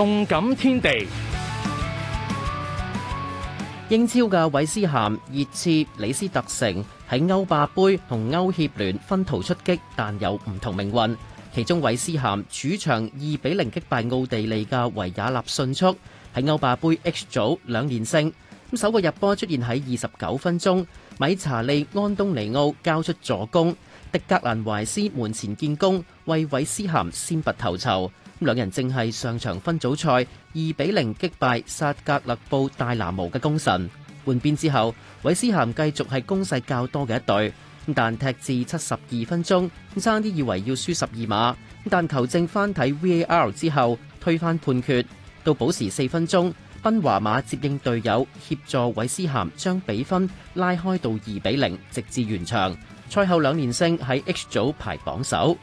.動感天地，英超嘅韋斯咸、熱刺、李斯特城喺歐霸杯同歐協聯分途出擊，但有唔同命運。其中韋斯咸主場二比零擊敗奧地利嘅維也納迅速喺歐霸杯 H 組兩連勝。咁首個入波出現喺二十九分鐘，米查利安東尼奧交出助攻，迪格蘭懷斯門前建功，為韋斯咸先拔頭籌。兩人正係上場分組賽二比零擊敗薩格勒布戴拿模嘅功臣。換邊之後，韋斯咸繼續係攻勢較多嘅一隊。但踢至七十二分鐘，爭啲以為要輸十二碼。但球證翻睇 VAR 之後，推翻判決，到補時四分鐘，賓華馬接應隊友協助韋斯咸將比分拉開到二比零，0，直至完場。賽後兩連勝喺 H 組排榜首。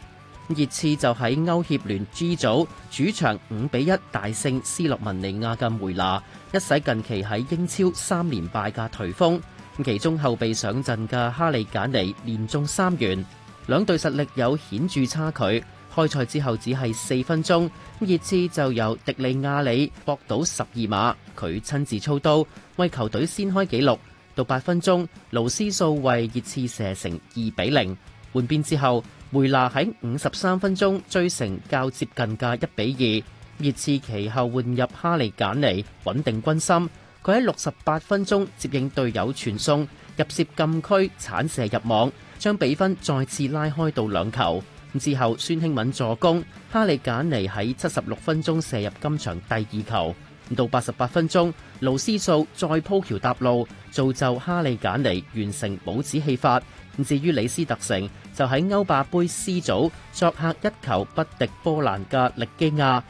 熱刺就喺歐協聯 G 組主場五比一大勝斯洛文尼亞嘅梅拿，一洗近期喺英超三連敗嘅頹風。其中後備上陣嘅哈利·簡尼連中三元，兩隊實力有顯著差距。開賽之後只係四分鐘，熱刺就由迪利亞里搏到十二碼，佢親自操刀為球隊先開紀錄。到八分鐘，勞斯數為熱刺射成二比零。換邊之後，梅拿喺五十三分鐘追成較接近嘅一比二，熱刺其後換入哈利簡尼穩定軍心，佢喺六十八分鐘接應隊友傳送入楔禁區鏟射入網，將比分再次拉開到兩球。之後孫興敏助攻哈利簡尼喺七十六分鐘射入今場第二球。到八十八分鐘，盧斯素再鋪橋搭路，造就哈利簡尼完成帽子戲法。至於李斯特城，就喺歐霸杯 C 組作客一球不敵波蘭嘅利基亞。